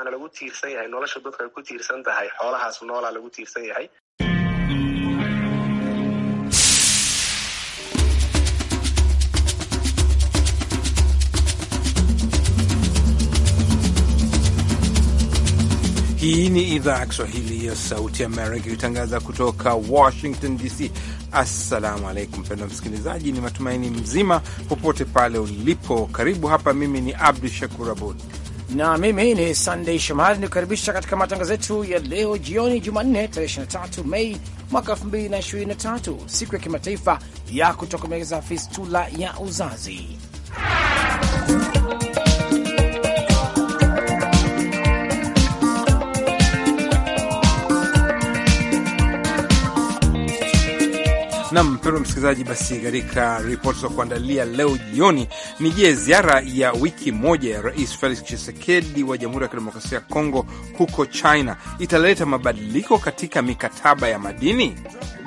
waxaana lagu tiirsan yahay nolosha dadka ku tiirsan tahay xoolahaas noolaa lagu tiirsan yahay. Hii ni idhaa ya Kiswahili ya Sauti Amerika ikitangaza kutoka Washington DC. Assalamu alaikum mpendwa msikilizaji, ni matumaini mzima popote pale ulipo. Karibu hapa, mimi ni Abdu Shakur Abud na mimi ni sandey Shomari nikukaribisha katika matangazo yetu ya leo jioni, Jumanne tarehe 23 Mei mwaka 2023, siku ya kimataifa ya kutokomeza fistula ya uzazi na mpendwa msikilizaji, basi katika ripoti za kuandalia leo jioni ni je, ziara ya wiki moja ya Rais Felix Tshisekedi wa Jamhuri ya Kidemokrasia ya Kongo huko China italeta mabadiliko katika mikataba ya madini?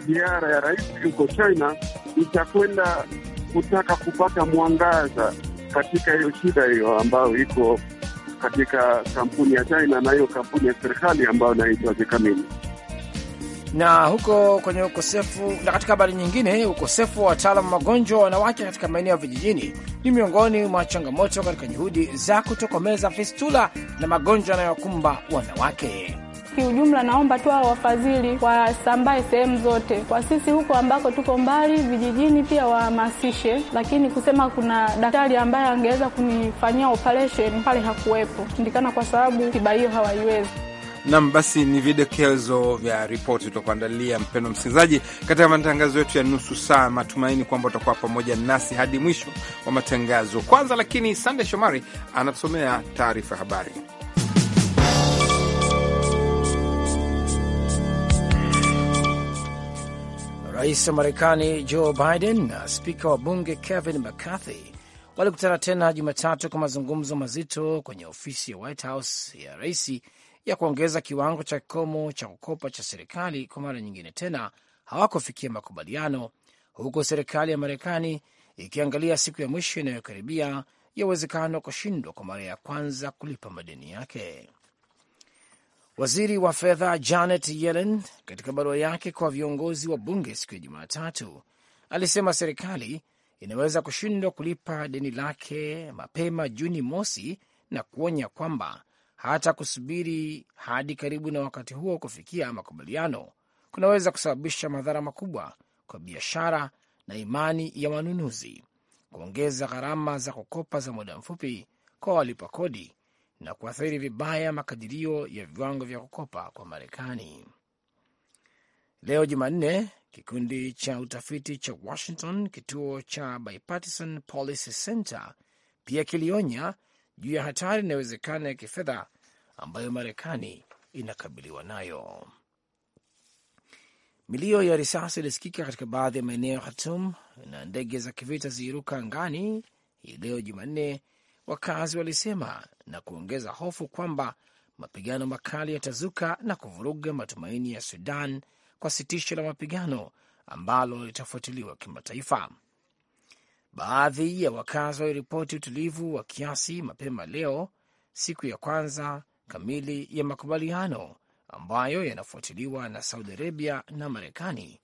Ziara ya rais huko China itakwenda kutaka kupata mwangaza katika hiyo shida hiyo ambayo iko katika kampuni ya China na hiyo kampuni ya serikali ambayo inaitwa Zekamini. Na huko kwenye ukosefu, na katika habari nyingine, ukosefu wa wataalamu magonjwa wanawake katika maeneo ya vijijini ni miongoni mwa changamoto katika juhudi za kutokomeza fistula na magonjwa yanayokumba wanawake. Kiujumla, naomba tu hao wafadhili wasambae sehemu zote, kwa sisi huko ambako tuko mbali vijijini, pia wahamasishe. Lakini kusema kuna daktari ambaye angeweza kunifanyia operation pale hakuwepo, shindikana kwa sababu tiba hiyo hawaiwezi. Nam, basi ni vidokezo vya ripoti tutakuandalia mpendo msikilizaji, katika matangazo yetu ya nusu saa. Matumaini kwamba utakuwa pamoja nasi hadi mwisho wa matangazo. Kwanza lakini, Sande Shomari anatusomea taarifa ya habari. Rais wa Marekani Joe Biden na spika wa bunge Kevin McCarthy walikutana tena Jumatatu kwa mazungumzo mazito kwenye ofisi ya White House ya raisi ya kuongeza kiwango cha kikomo cha kukopa cha serikali kwa mara nyingine tena hawakufikia makubaliano, huku serikali ya Marekani ikiangalia siku ya mwisho inayokaribia ya uwezekano wa kushindwa kwa mara ya kwanza kulipa madeni yake. Waziri wa fedha Janet Yellen katika barua yake kwa viongozi wa bunge siku ya Jumatatu alisema serikali inaweza kushindwa kulipa deni lake mapema Juni mosi na kuonya kwamba hata kusubiri hadi karibu na wakati huo kufikia makubaliano kunaweza kusababisha madhara makubwa kwa biashara na imani ya wanunuzi, kuongeza gharama za kukopa za muda mfupi kwa walipa kodi na kuathiri vibaya makadirio ya viwango vya kukopa kwa Marekani. Leo Jumanne, kikundi cha utafiti cha Washington, kituo cha Bipartisan Policy Center, pia kilionya juu ya hatari inayowezekana ya kifedha ambayo Marekani inakabiliwa nayo. Milio ya risasi ilisikika katika baadhi ya maeneo ya Khartoum na ndege za kivita ziliruka angani hii leo Jumanne, wakazi walisema, na kuongeza hofu kwamba mapigano makali yatazuka na kuvuruga matumaini ya Sudan kwa sitisho la mapigano ambalo litafuatiliwa kimataifa. Baadhi ya wakazi waliripoti utulivu wa kiasi mapema leo, siku ya kwanza kamili ya makubaliano ambayo yanafuatiliwa na Saudi Arabia na Marekani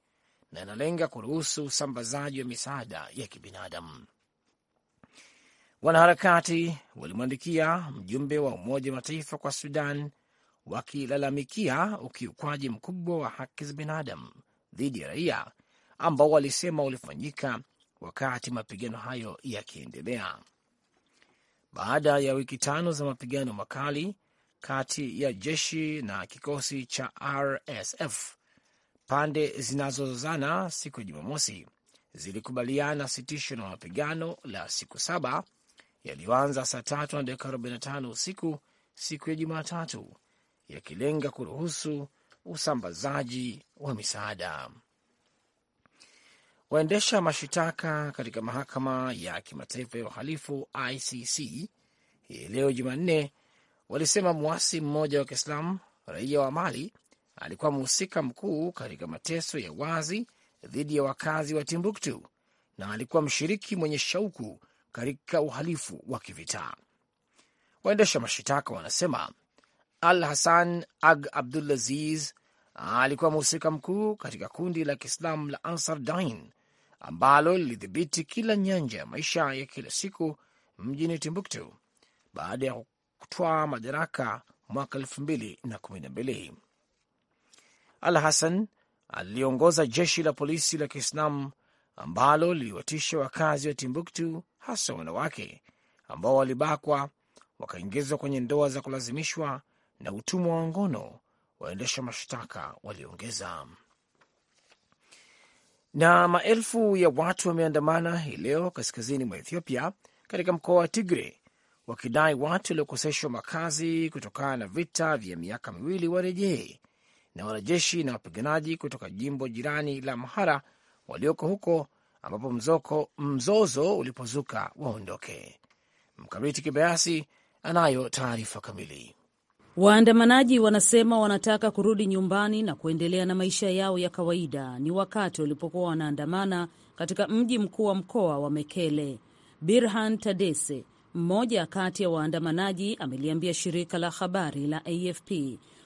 na yanalenga kuruhusu usambazaji wa misaada ya kibinadamu. Wanaharakati walimwandikia mjumbe wa Umoja wa Mataifa kwa Sudan wakilalamikia ukiukwaji mkubwa wa haki za binadamu dhidi ya raia ambao walisema ulifanyika wakati mapigano hayo yakiendelea. Baada ya wiki tano za mapigano makali kati ya jeshi na kikosi cha RSF, pande zinazozozana siku ya Jumamosi zilikubaliana sitisho la mapigano la siku saba yaliyoanza saa tatu na dakika 45 usiku siku ya Jumatatu, yakilenga kuruhusu usambazaji wa misaada. Waendesha mashitaka katika mahakama ya kimataifa ya uhalifu ICC hii leo Jumanne walisema mwasi mmoja wa Kiislamu raia wa Mali alikuwa mhusika mkuu katika mateso ya wazi dhidi ya wakazi wa Timbuktu na alikuwa mshiriki mwenye shauku katika uhalifu wa kivita. Waendesha mashitaka wanasema Al Hasan Ag Abdulaziz alikuwa mhusika mkuu katika kundi la Kiislamu la Ansar Dain ambalo lilidhibiti kila nyanja ya maisha ya kila siku mjini Timbuktu baada ya kutwaa madaraka mwaka elfu mbili na kumi na mbili. Al Hassan aliongoza jeshi la polisi la Kiislamu ambalo liliwatisha wakazi wa Timbuktu, hasa wanawake ambao walibakwa wakaingizwa kwenye ndoa za kulazimishwa na utumwa wa ngono. Waendesha mashtaka waliongeza na maelfu ya watu wameandamana hii leo kaskazini mwa Ethiopia katika mkoa wa Tigre wakidai watu waliokoseshwa makazi kutokana na vita vya miaka miwili warejee, na wanajeshi na wapiganaji kutoka jimbo jirani la Amhara walioko huko ambapo mzoko, mzozo ulipozuka waondoke. Mkamiti Kibayasi anayo taarifa kamili. Waandamanaji wanasema wanataka kurudi nyumbani na kuendelea na maisha yao ya kawaida. Ni wakati walipokuwa wanaandamana katika mji mkuu wa mkoa wa Mekele. Birhan Tadese, mmoja kati ya waandamanaji, ameliambia shirika la habari la AFP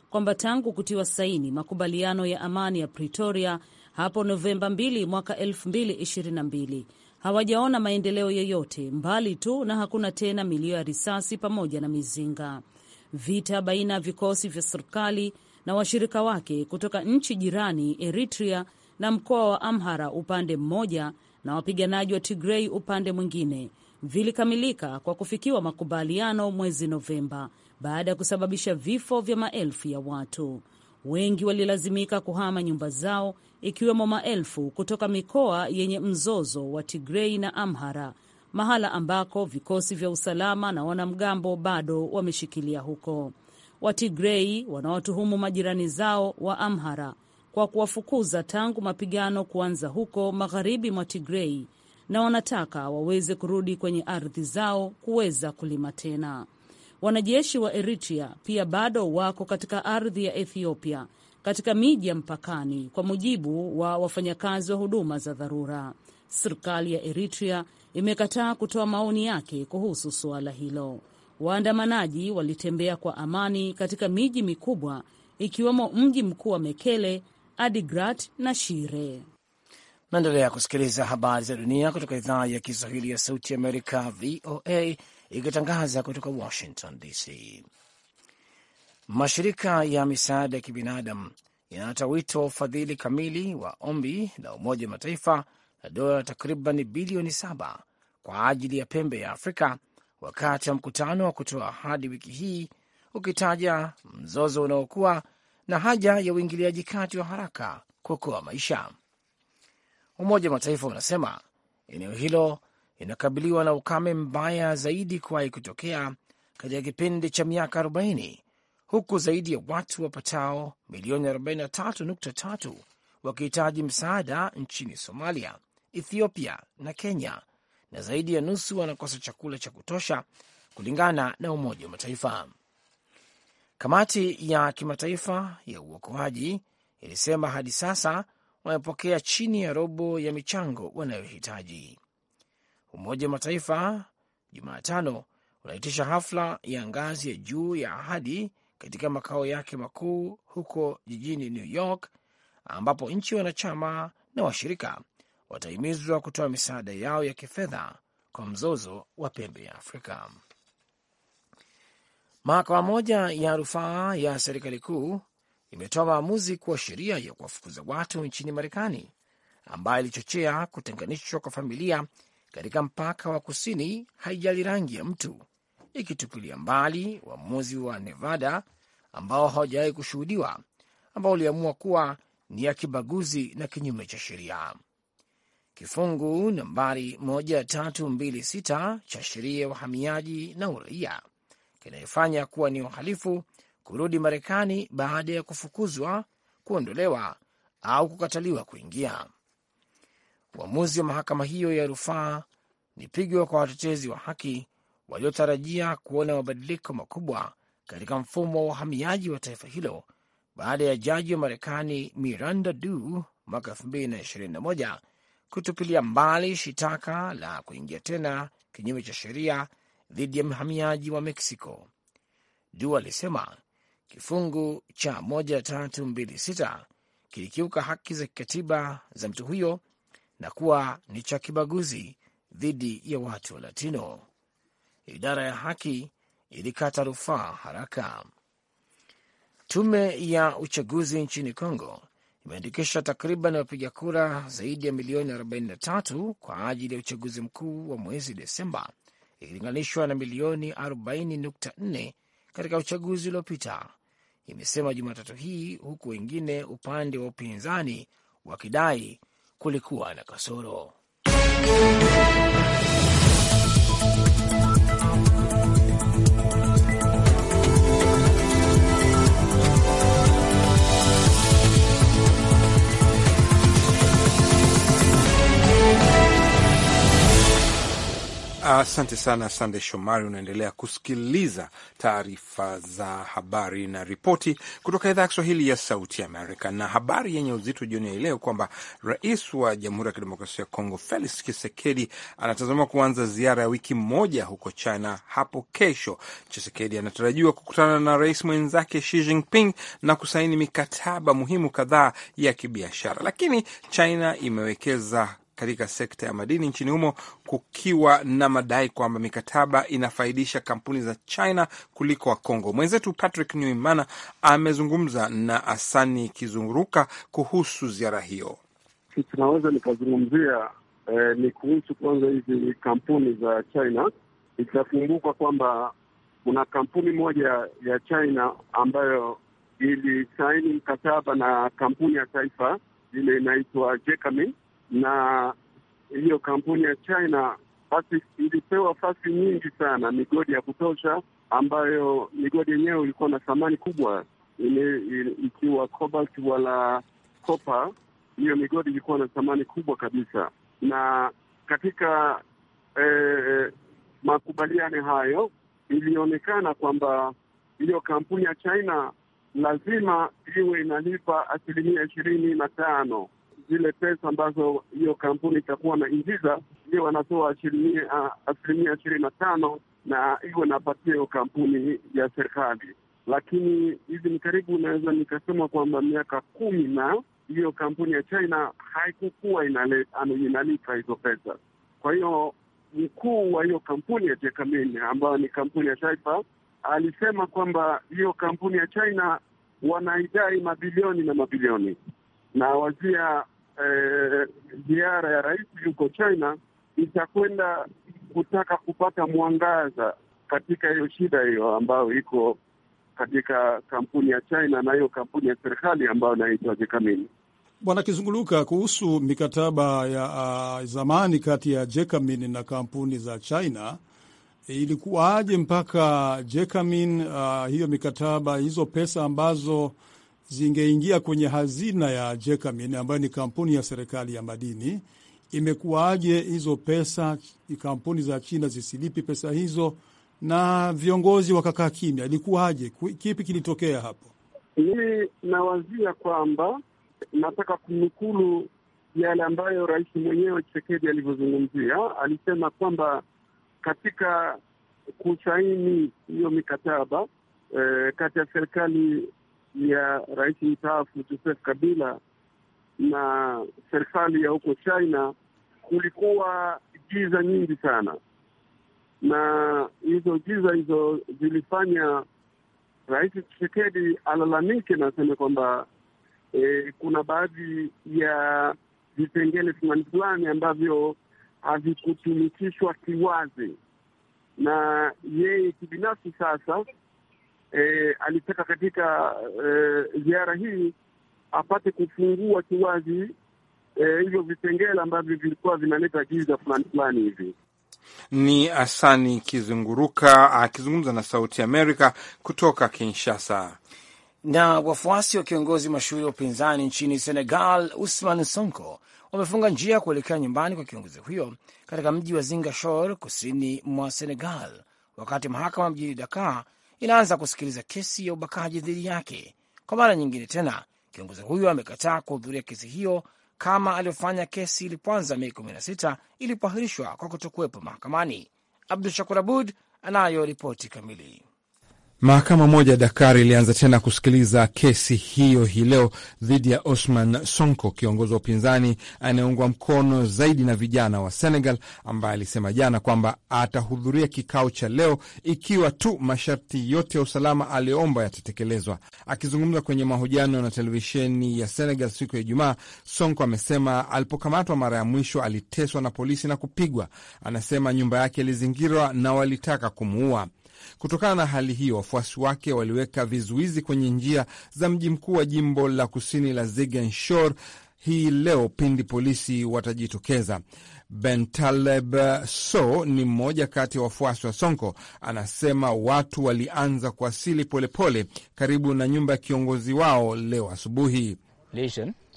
kwamba tangu kutiwa saini makubaliano ya amani ya Pretoria hapo Novemba 2 mwaka 2022 hawajaona maendeleo yoyote, mbali tu na hakuna tena milio ya risasi pamoja na mizinga vita baina ya vikosi vya serikali na washirika wake kutoka nchi jirani Eritrea na mkoa wa Amhara upande mmoja na wapiganaji wa Tigrei upande mwingine vilikamilika kwa kufikiwa makubaliano mwezi Novemba baada ya kusababisha vifo vya maelfu ya watu. Wengi walilazimika kuhama nyumba zao, ikiwemo maelfu kutoka mikoa yenye mzozo wa Tigrei na Amhara mahala ambako vikosi vya usalama na wanamgambo bado wameshikilia huko. Watigrei wanawatuhumu majirani zao wa Amhara kwa kuwafukuza tangu mapigano kuanza huko magharibi mwa Tigrei na wanataka waweze kurudi kwenye ardhi zao kuweza kulima tena. Wanajeshi wa Eritrea pia bado wako katika ardhi ya Ethiopia katika miji ya mpakani, kwa mujibu wa wafanyakazi wa huduma za dharura. Serikali ya Eritrea imekataa kutoa maoni yake kuhusu suala hilo. Waandamanaji walitembea kwa amani katika miji mikubwa ikiwemo mji mkuu wa Mekele, Adigrat na Shire. Naendelea kusikiliza habari za dunia kutoka idhaa ya Kiswahili ya Sauti Amerika, VOA, ikitangaza kutoka Washington DC. Mashirika ya misaada ya kibinadamu yanatoa wito wa ufadhili kamili wa ombi la Umoja wa Mataifa dola takriban bilioni saba kwa ajili ya pembe ya Afrika wakati wa mkutano wa kutoa ahadi wiki hii ukitaja mzozo unaokuwa na haja ya uingiliaji kati wa haraka kuokoa maisha. Umoja wa Mataifa unasema eneo hilo linakabiliwa na ukame mbaya zaidi kuwahi kutokea katika kipindi cha miaka 40 huku zaidi ya watu wapatao milioni 43.3 wakihitaji msaada nchini Somalia Ethiopia na Kenya, na zaidi ya nusu wanakosa chakula cha kutosha kulingana na Umoja wa Mataifa. Kamati ya Kimataifa ya Uokoaji ilisema hadi sasa wamepokea chini ya robo ya michango wanayohitaji. Umoja wa Mataifa Jumatano unaitisha hafla ya ngazi ya juu ya ahadi katika makao yake makuu huko jijini New York, ambapo nchi wanachama na washirika watahimizwa kutoa misaada yao ya kifedha kwa mzozo wa pembe ya Afrika. Mahakama moja ya rufaa ya serikali kuu imetoa maamuzi kuwa sheria ya kuwafukuza watu nchini Marekani ambayo ilichochea kutenganishwa kwa familia katika mpaka wa kusini haijali rangi ya mtu, ikitupilia mbali uamuzi wa Nevada ambao hawajawahi kushuhudiwa, ambao uliamua kuwa ni ya kibaguzi na kinyume cha sheria kifungu nambari 1326 cha sheria ya uhamiaji na uraia kinayofanya kuwa ni uhalifu kurudi Marekani baada ya kufukuzwa, kuondolewa au kukataliwa kuingia. Uamuzi wa mahakama hiyo ya rufaa ni pigwa kwa watetezi wa haki waliotarajia kuona mabadiliko makubwa katika mfumo wa uhamiaji wa taifa hilo baada ya jaji wa Marekani Miranda Du mwaka kutupilia mbali shitaka la kuingia tena kinyume cha sheria dhidi ya mhamiaji wa Meksiko. Du alisema kifungu cha 1326 kilikiuka haki za kikatiba za mtu huyo na kuwa ni cha kibaguzi dhidi ya watu wa Latino. Idara ya haki ilikata rufaa haraka. Tume ya uchaguzi nchini congo imeandikisha takriban wapiga kura zaidi ya milioni 43 kwa ajili ya uchaguzi mkuu wa mwezi Desemba ikilinganishwa na milioni 40.4 katika uchaguzi uliopita, imesema Jumatatu hii, huku wengine upande wa upinzani wakidai kulikuwa na kasoro. Asante sana Sande Shomari. Unaendelea kusikiliza taarifa za habari na ripoti kutoka idhaa ya Kiswahili ya Sauti ya Amerika. Na habari yenye uzito jioni ya leo kwamba rais wa Jamhuri ya Kidemokrasia ya Kongo Felix chisekedi anatazama kuanza ziara ya wiki moja huko China hapo kesho. chisekedi anatarajiwa kukutana na rais mwenzake Xi Jinping na kusaini mikataba muhimu kadhaa ya kibiashara, lakini China imewekeza katika sekta ya madini nchini humo kukiwa na madai kwamba mikataba inafaidisha kampuni za China kuliko wa kongo Mwenzetu Patrick Newimana amezungumza na Asani Kizunguruka kuhusu ziara hiyo. Tunaweza nikazungumzia eh, ni kuhusu kwanza hizi kampuni za China. Itakumbuka kwamba kuna kampuni moja ya China ambayo ilisaini mkataba na kampuni ya taifa ile inaitwa Jekamin na hiyo kampuni ya China basi ilipewa fasi nyingi sana, migodi ya kutosha, ambayo migodi yenyewe ilikuwa na thamani kubwa, ikiwa cobalt wala copper. Hiyo migodi ilikuwa na thamani kubwa kabisa, na katika eh, makubaliano hayo ilionekana kwamba hiyo kampuni ya China lazima iwe inalipa asilimia ishirini na tano zile pesa ambazo hiyo kampuni itakuwa naingiza ndio wanatoa asilimia ishirini na tano na iwe napatia hiyo kampuni ya serikali. Lakini hivi ni karibu, naweza nikasema kwamba miaka kumi na hiyo kampuni ya China haikukuwa inalipa hizo pesa. Kwa hiyo mkuu wa hiyo kampuni ya jekamin ambayo ni kampuni ya taifa alisema kwamba hiyo kampuni ya China wanaidai mabilioni na mabilioni, na wazia Eh, ziara eh, ya rais yuko China itakwenda kutaka kupata mwangaza katika hiyo shida hiyo ambayo iko katika kampuni ya China na hiyo kampuni ya serikali ambayo inaitwa Jekamini. Bwana Kizunguluka, kuhusu mikataba ya uh, zamani kati ya Jekamin na kampuni za China ilikuwaje mpaka Jekamin uh, ah, hiyo mikataba hizo pesa ambazo zingeingia kwenye hazina ya Jekamin ambayo ni kampuni ya serikali ya madini. Imekuwaje hizo pesa kampuni za China zisilipi pesa hizo na viongozi wakakaa kimya? Ilikuwaje? Kipi kilitokea hapo? Mimi nawazia kwamba nataka kunukulu yale ambayo rais mwenyewe Chisekedi alivyozungumzia. Alisema kwamba katika kusaini hiyo mikataba eh, kati ya serikali ya rais mstaafu Joseph Kabila na serikali ya huko China kulikuwa giza nyingi sana, na hizo giza hizo zilifanya rais Tshisekedi alalamike na aseme kwamba e, kuna baadhi ya vipengele fulani fulani ambavyo havikutumikishwa kiwazi, na yeye kibinafsi sasa e, alitaka katika e, ziara hii apate kufungua kiwazi e, hivyo e, vipengele ambavyo vilikuwa vinaleta giza fulani fulani hivi. Ni Asani Kizunguruka akizungumza na Sauti Amerika kutoka Kinshasa. Na wafuasi wa kiongozi mashuhuri wa upinzani nchini Senegal, Usman Sonko, wamefunga njia kuelekea nyumbani kwa kiongozi huyo katika mji wa Zingashor kusini mwa Senegal, wakati mahakama mjini Dakar inaanza kusikiliza kesi ya ubakaji dhidi yake. Kwa mara nyingine tena, kiongozi huyo amekataa kuhudhuria kesi hiyo kama alivyofanya kesi ilipoanza Mei 16 ilipoahirishwa kwa kutokuwepo mahakamani. Abdu Shakur Abud anayo ripoti kamili. Mahakama moja ya Dakar ilianza tena kusikiliza kesi hiyo hii leo dhidi ya Osman Sonko, kiongozi wa upinzani anayeungwa mkono zaidi na vijana wa Senegal, ambaye alisema jana kwamba atahudhuria kikao cha leo ikiwa tu masharti yote ya usalama aliyoomba yatatekelezwa. Akizungumza kwenye mahojiano na televisheni ya Senegal siku ya Ijumaa, Sonko amesema alipokamatwa mara ya mwisho aliteswa na polisi na kupigwa. Anasema nyumba yake ilizingirwa na walitaka kumuua. Kutokana na hali hiyo, wafuasi wake waliweka vizuizi kwenye njia za mji mkuu wa jimbo la kusini la Ziguinchor hii leo pindi polisi watajitokeza. Bentaleb So ni mmoja kati ya wafuasi wa Sonko, anasema watu walianza kuasili polepole karibu na nyumba ya kiongozi wao leo asubuhi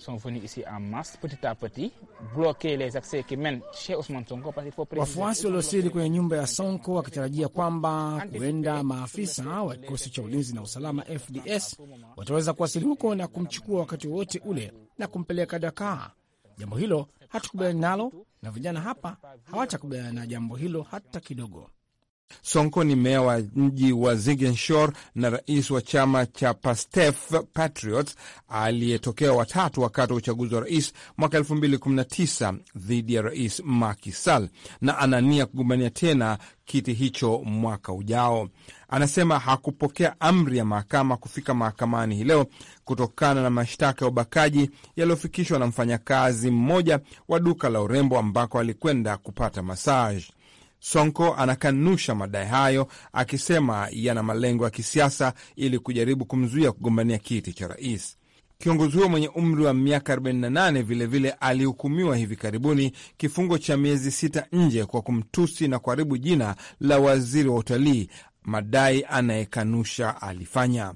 sont venus ici en masse, petit à petit, bloquer les accès qui mènent chez Ousmane Sonko. Wafuasi waliosili kwenye nyumba ya Sonko wakitarajia kwamba huenda maafisa wa kikosi cha ulinzi na usalama FDS wataweza kuwasili huko na kumchukua wakati wowote ule na kumpeleka Dakar. Jambo hilo hatukubaliani nalo na vijana hapa hawatakubaliana na jambo hilo hata kidogo. Sonko ni meya wa mji wa Ziguinchor na rais wa chama cha Pastef Patriots aliyetokea watatu wakati wa uchaguzi wa rais mwaka 2019 dhidi ya rais Macky Sall, na anania kugombania tena kiti hicho mwaka ujao. Anasema hakupokea amri ya mahakama kufika mahakamani hii leo kutokana na mashtaka ya ubakaji yaliyofikishwa na mfanyakazi mmoja wa duka la urembo ambako alikwenda kupata masaji. Sonko anakanusha madai hayo akisema yana malengo ya kisiasa ili kujaribu kumzuia kugombania kiti cha rais. Kiongozi huyo mwenye umri wa miaka 48 vilevile alihukumiwa hivi karibuni kifungo cha miezi sita nje kwa kumtusi na kuharibu jina la waziri wa utalii, madai anayekanusha alifanya.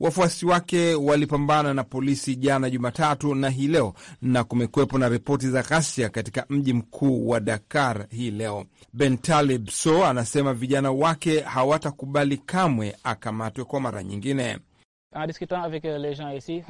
Wafuasi wake walipambana na polisi jana Jumatatu na hii leo, na kumekuwepo na ripoti za ghasia katika mji mkuu wa Dakar hii leo. Bentalib So anasema vijana wake hawatakubali kamwe akamatwe kwa mara nyingine. Ah, euh,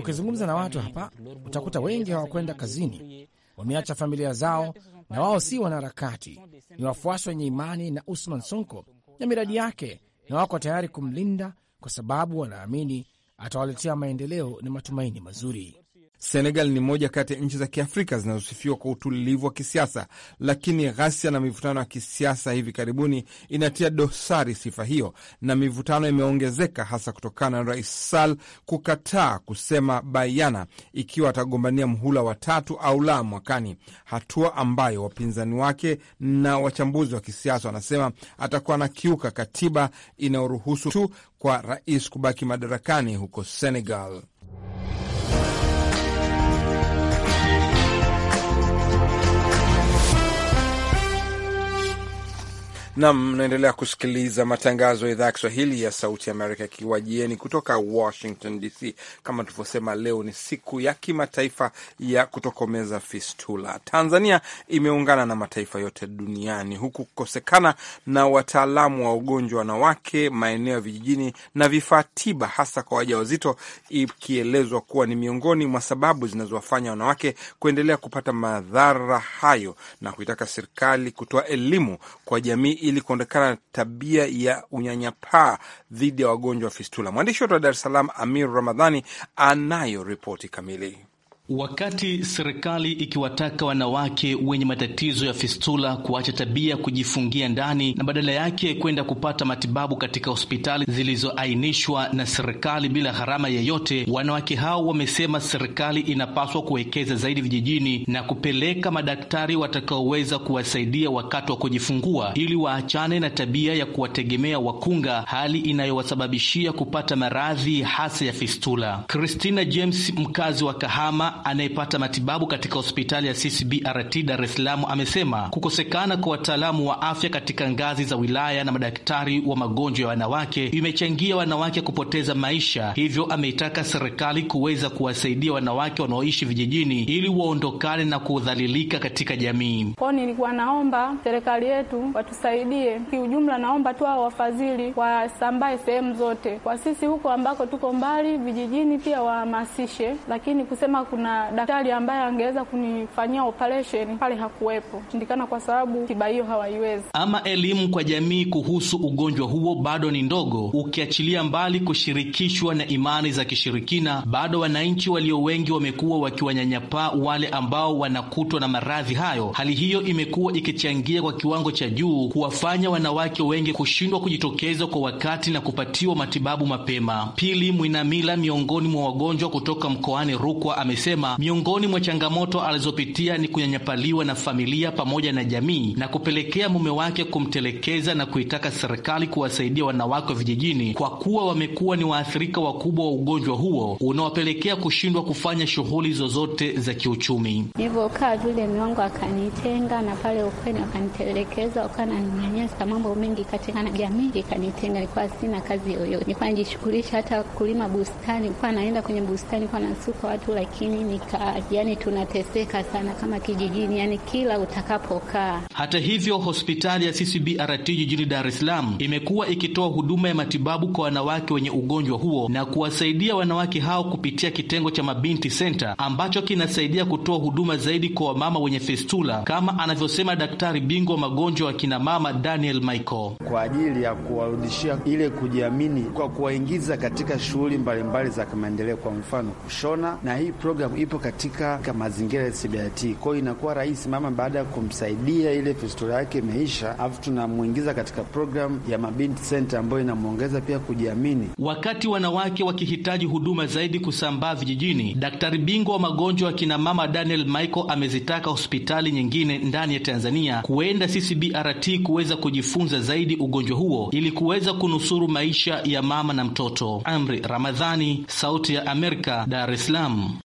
Ukizungumza na watu hapa, utakuta wengi hawakwenda kazini, wameacha familia zao, na wao si wanaharakati, ni wafuasi wenye imani na Usman Sonko na miradi yake na wako tayari kumlinda kwa sababu wanaamini atawaletea maendeleo na matumaini mazuri. Senegal ni moja kati ya nchi za Kiafrika zinazosifiwa kwa utulivu wa kisiasa, lakini ghasia na mivutano ya kisiasa hivi karibuni inatia dosari sifa hiyo, na mivutano imeongezeka hasa kutokana na Rais Sall kukataa kusema bayana ikiwa atagombania mhula wa tatu au la mwakani, hatua ambayo wapinzani wake na wachambuzi wa kisiasa wanasema atakuwa anakiuka katiba inayoruhusu tu kwa rais kubaki madarakani huko Senegal. Nam, naendelea kusikiliza matangazo ya idhaa ya Kiswahili ya Sauti Amerika yakiwajieni kutoka Washington DC. Kama tulivyosema, leo ni siku ya kimataifa ya kutokomeza fistula. Tanzania imeungana na mataifa yote duniani huku kukosekana na wataalamu wa ugonjwa wanawake maeneo ya vijijini na vifaa tiba, hasa kwa wajawazito, ikielezwa kuwa ni miongoni mwa sababu zinazowafanya wanawake kuendelea kupata madhara hayo na kuitaka serikali kutoa elimu kwa jamii ili kuondokana na tabia ya unyanyapaa dhidi ya wagonjwa wa fistula. Mwandishi wetu wa Dar es Salaam, Amir Ramadhani, anayo ripoti kamili. Wakati serikali ikiwataka wanawake wenye matatizo ya fistula kuacha tabia kujifungia ndani na badala yake kwenda kupata matibabu katika hospitali zilizoainishwa na serikali bila gharama yeyote, wanawake hao wamesema serikali inapaswa kuwekeza zaidi vijijini na kupeleka madaktari watakaoweza kuwasaidia wakati wa kujifungua ili waachane na tabia ya kuwategemea wakunga, hali inayowasababishia kupata maradhi hasa ya fistula. Christina James, mkazi wa Kahama, anayepata matibabu katika hospitali ya CCBRT Dar es Salaam amesema kukosekana kwa wataalamu wa afya katika ngazi za wilaya na madaktari wa magonjwa ya wanawake imechangia wanawake kupoteza maisha, hivyo ameitaka serikali kuweza kuwasaidia wanawake wanaoishi vijijini ili waondokane na kudhalilika katika jamii. Kwao nilikuwa naomba serikali yetu watusaidie kiujumla, naomba tu hao wafadhili wasambae sehemu zote, kwa sisi huko ambako tuko mbali vijijini, pia wahamasishe, lakini kusema kuna na daktari ambaye angeweza kunifanyia operation pale hakuwepo, shindikana kwa sababu tiba hiyo hawaiwezi. Ama elimu kwa jamii kuhusu ugonjwa huo bado ni ndogo, ukiachilia mbali kushirikishwa na imani za kishirikina, bado wananchi walio wengi wamekuwa wakiwanyanyapaa wale ambao wanakutwa na maradhi hayo. Hali hiyo imekuwa ikichangia kwa kiwango cha juu kuwafanya wanawake wengi kushindwa kujitokeza kwa wakati na kupatiwa matibabu mapema. Pili Mwinamila, miongoni mwa wagonjwa kutoka mkoani Rukwa, amesema anasema miongoni mwa changamoto alizopitia ni kunyanyapaliwa na familia pamoja na jamii na kupelekea mume wake kumtelekeza na kuitaka serikali kuwasaidia wanawake wa vijijini kwa kuwa wamekuwa ni waathirika wakubwa wa ugonjwa huo unaowapelekea kushindwa kufanya shughuli zozote za kiuchumi. Nilivyokaa vile mume akanitenga na pale ukweni akanitelekeza, wakananyanyasa mambo mengi katika na jamii ikanitenga. Nilikuwa sina kazi yoyote, nilikuwa najishughulisha hata kulima bustani, nilikuwa naenda kwenye bustani, nilikuwa nasuka watu lakini nika, yani tunateseka sana kama kijijini, yani kila utakapokaa. Hata hivyo, hospitali ya CCBRT jijini Dar es Salaam imekuwa ikitoa huduma ya matibabu kwa wanawake wenye ugonjwa huo na kuwasaidia wanawake hao kupitia kitengo cha Mabinti Center ambacho kinasaidia kutoa huduma zaidi kwa wamama wenye fistula, kama anavyosema daktari bingwa magonjwa wa kinamama Daniel Michael, kwa ajili ya kuwarudishia ile kujiamini kwa kuwaingiza katika shughuli mbalimbali za kimaendeleo, kwa mfano kushona, na hii program ipo katika mazingira ya CBRT. Kwa hiyo inakuwa rahisi mama, baada ya kumsaidia ile fistula yake imeisha, alafu tunamwingiza katika programu ya Mabinti Center ambayo inamwongeza pia kujiamini. Wakati wanawake wakihitaji huduma zaidi kusambaa vijijini, daktari bingwa wa magonjwa ya mama Daniel Michael amezitaka hospitali nyingine ndani ya Tanzania kuenda CCBRT kuweza kujifunza zaidi ugonjwa huo ili kuweza kunusuru maisha ya mama na mtoto. Amri Ramadhani, Sauti ya Amerika, Dar es Salaam.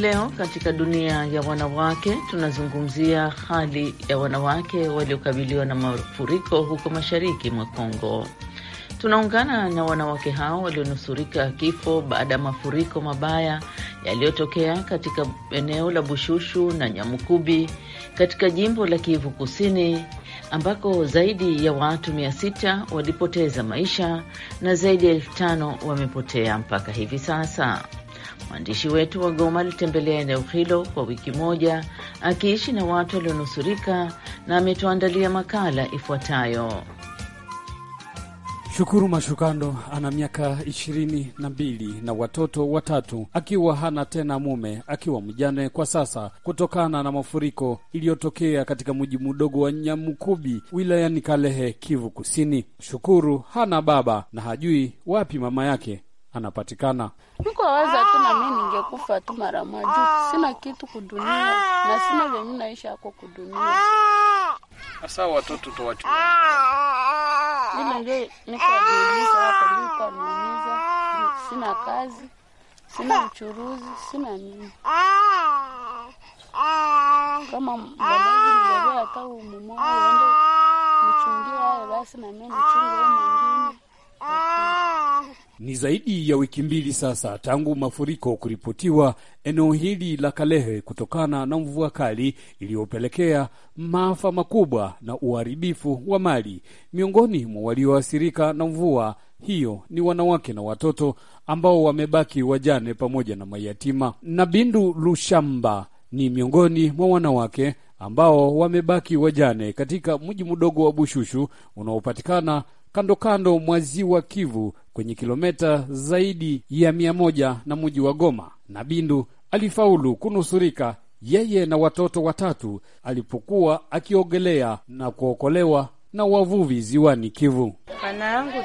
Leo katika dunia ya wanawake tunazungumzia hali ya wanawake waliokabiliwa na mafuriko huko mashariki mwa Kongo. Tunaungana na wanawake hao walionusurika kifo baada ya mafuriko mabaya yaliyotokea katika eneo la Bushushu na Nyamukubi katika jimbo la Kivu Kusini ambako zaidi ya watu mia sita walipoteza maisha na zaidi ya elfu tano wamepotea mpaka hivi sasa. Mwandishi wetu wa Goma alitembelea eneo hilo kwa wiki moja akiishi na watu walionusurika na ametuandalia makala ifuatayo. Shukuru Mashukando ana miaka ishirini na mbili na watoto watatu, akiwa hana tena mume, akiwa mjane kwa sasa kutokana na mafuriko iliyotokea katika mji mdogo wa Nyamukubi wilayani Kalehe, Kivu Kusini. Shukuru hana baba na hajui wapi mama yake anapatikana. Niko waza tu, na mimi ningekufa tu mara moja, sina kitu kudunia na sina vyenye naisha hako kudunia. Hasa watoto tuwachukua ile ndio nikajiuliza hapo, niko niuliza, sina kazi, sina uchuruzi, sina nini kama babangu nilivyoa hata umumoa uende nichungie hayo, basi na mimi nichungie mwingine ni zaidi ya wiki mbili sasa tangu mafuriko kuripotiwa eneo hili la Kalehe kutokana na mvua kali iliyopelekea maafa makubwa na uharibifu wa mali. Miongoni mwa walioathirika na mvua hiyo ni wanawake na watoto ambao wamebaki wajane pamoja na mayatima. Na Bindu Lushamba ni miongoni mwa wanawake ambao wamebaki wajane katika mji mdogo wa Bushushu unaopatikana kando kando mwa ziwa Kivu kwenye kilometa zaidi ya mia moja na muji wa Goma, na Bindu alifaulu kunusurika yeye na watoto watatu alipokuwa akiogelea na kuokolewa na wavuvi ziwani Kivu. Bana yangu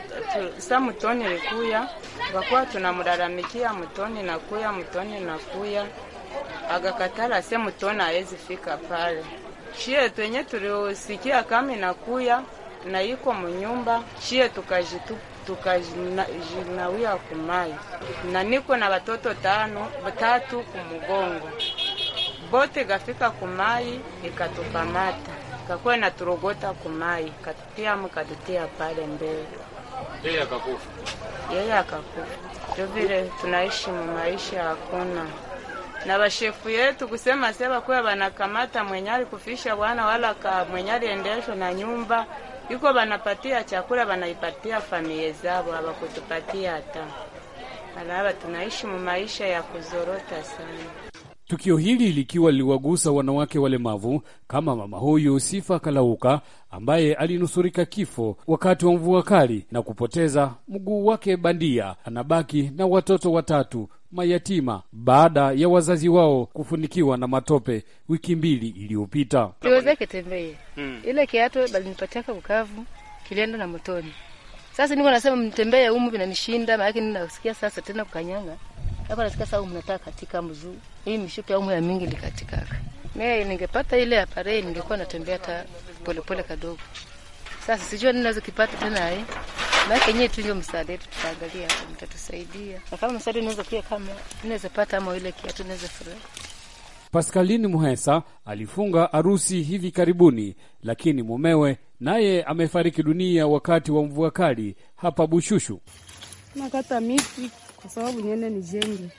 sa mtoni likuya wakuwa tunamlalamikia mtoni na kuya mtoni na kuya agakatala se mtoni awezi fika pale, shie twenye tuliosikia kama inakuya na iko munyumba chie tukajitu tukajinawia kumai na niko na watoto tano tatu kumugongo bote gafika kumai ikatukamata kakuwa naturogota kumai katutia mkatutia pale mbele yeye akakufa yeye akakufa ndio vile tunaishi mumaisha hakuna na bashefu yetu kusema kwa banakamata mwenyali kufisha bwana wala ka mwenyali endesho na nyumba iko banapatia chakula banaipatia familia zao, hawakutupatia hata alaba. Tunaishi mu maisha ya kuzorota sana. Tukio hili likiwa liliwagusa wanawake walemavu kama mama huyu Sifa Kalauka ambaye alinusurika kifo wakati wa mvua kali na kupoteza mguu wake bandia. Anabaki na watoto watatu mayatima baada ya wazazi wao kufunikiwa na matope wiki mbili iliyopita. Kiwezeke tembee hmm. ile kiato balinipatiaka Bukavu kilienda na motoni. Sasa niko nasema mtembee umu vinanishinda, maanake ninasikia sasa tena kukanyanga hapa, nasikia sasa umu katika mzuu hii mishuke umu ya mingi likatikaka. Mimi ningepata ile aparei ningekuwa natembea hata polepole kadogo. Sasa sijua ninaweza kipata tena eh maana yenyewe tu ndio msaada wetu, tutaangalia hapo, mtatusaidia. Na kama msaada unaweza pia kama unaweza pata ama ile kiatu unaweza furahi. Pascaline Muhesa alifunga harusi hivi karibuni, lakini mumewe naye amefariki dunia wakati wa mvua kali hapa Bushushu. Nakata miti kwa sababu nyene ni jenge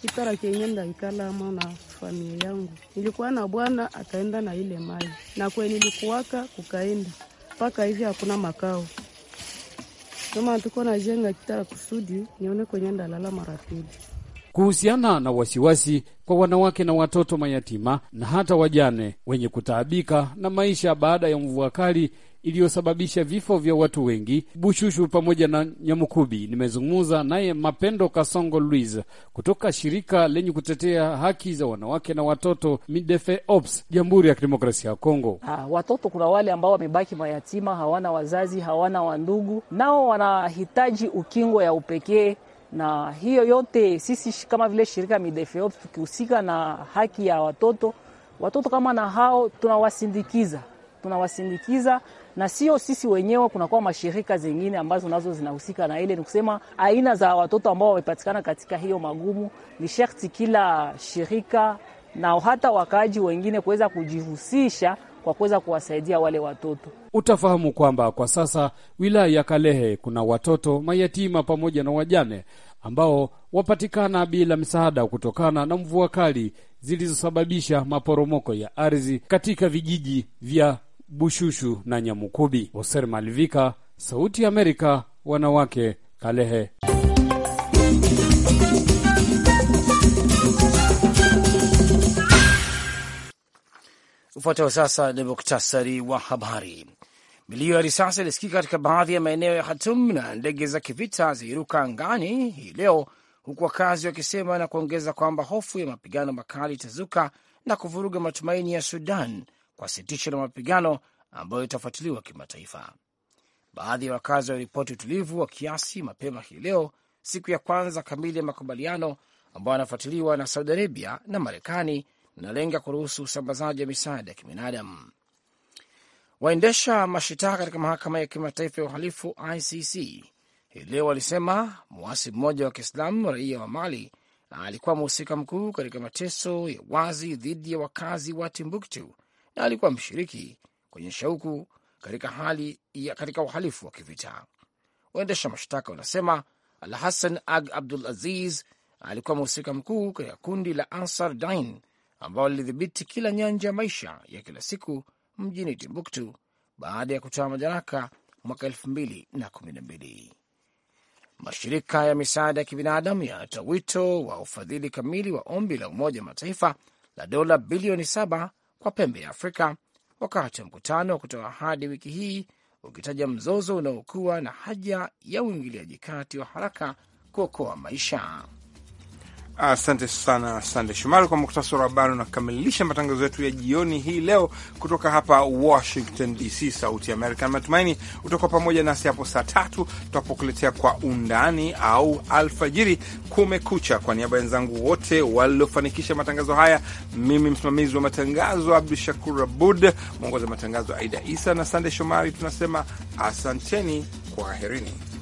kitara kenye ndaikala ama na familia yangu. Nilikuwa na bwana akaenda na ile mali na kwe nilikuwaka kukaenda mpaka hivi hakuna makao kama tuko na jenga kitara kusudi nione kwenye ndalala mara pili. Kuhusiana na wasiwasi kwa wanawake na watoto mayatima na hata wajane wenye kutaabika na maisha baada ya mvua kali iliyosababisha vifo vya watu wengi Bushushu pamoja na Nyamukubi. Nimezungumza naye Mapendo Kasongo Luis kutoka shirika lenye kutetea haki za wanawake na watoto Midefe Ops, Jamhuri ya Kidemokrasia ya Kongo. Ha, ah, watoto kuna wale ambao wamebaki mayatima, hawana wazazi, hawana wandugu, nao wanahitaji ukingo ya upekee na hiyo yote sisi kama vile shirika Midefeops tukihusika na haki ya watoto, watoto kama na hao tunawasindikiza, tunawasindikiza na sio sisi wenyewe, kunakuwa mashirika zingine ambazo nazo zinahusika na ile. Ni kusema aina za watoto ambao wamepatikana katika hiyo magumu, ni sharti kila shirika na hata wakaaji wengine kuweza kujihusisha kwa kuweza kuwasaidia wale watoto. Utafahamu kwamba kwa sasa wilaya ya Kalehe kuna watoto mayatima pamoja na wajane ambao wapatikana bila msaada kutokana na mvua kali zilizosababisha maporomoko ya ardhi katika vijiji vya Bushushu na Nyamukubi. Hoser Malivika, Sauti ya Amerika, wanawake Kalehe. Ufuatao sasa ni muktasari wa habari. Milio ya risasi ilisikika katika baadhi ya maeneo ya Hatum na ndege za kivita ziliruka angani hii leo, huku wakazi wakisema na kuongeza kwamba hofu ya mapigano makali itazuka na kuvuruga matumaini ya Sudan kwa sitisho la mapigano ambayo itafuatiliwa kimataifa. Baadhi ya wakazi waliripoti utulivu wa kiasi mapema hii leo, siku ya kwanza kamili ya makubaliano ambayo anafuatiliwa na Saudi Arabia na Marekani inalenga kuruhusu usambazaji wa misaada ya kibinadamu. Waendesha mashitaka katika mahakama ya kimataifa ya uhalifu ICC hii leo walisema mwasi mmoja wa Kiislamu raia wa Mali alikuwa mhusika mkuu katika mateso ya wazi dhidi ya wakazi wa Timbuktu na alikuwa mshiriki kwenye shauku katika hali ya katika uhalifu wa kivita. Waendesha mashtaka wanasema Al Hassan Ag Abdul Aziz alikuwa mhusika mkuu katika kundi la Ansar Dain ambao lilidhibiti kila nyanja ya maisha ya kila siku mjini Timbuktu baada ya kutoa madaraka mwaka elfu mbili na kumi na mbili. Mashirika ya misaada ya kibinadamu yanatoa wito wa ufadhili kamili wa ombi la Umoja wa Mataifa la dola bilioni saba kwa pembe ya Afrika wakati wa mkutano wa kutoa ahadi wiki hii ukitaja mzozo unaokuwa na haja ya uingiliaji kati wa haraka kuokoa maisha. Asante sana Sande Shomari kwa muktasari wa habari. Unakamilisha matangazo yetu ya jioni hii leo kutoka hapa Washington DC, Sauti ya Amerika. Natumaini utakuwa pamoja nasi hapo saa tatu tutapokuletea Kwa Undani au Alfajiri Kumekucha. Kwa niaba ya wenzangu wote waliofanikisha matangazo haya, mimi msimamizi wa matangazo Abdu Shakur Abud, mwongozi wa matangazo Aida Isa na Sande Shomari, tunasema asanteni, kwaherini.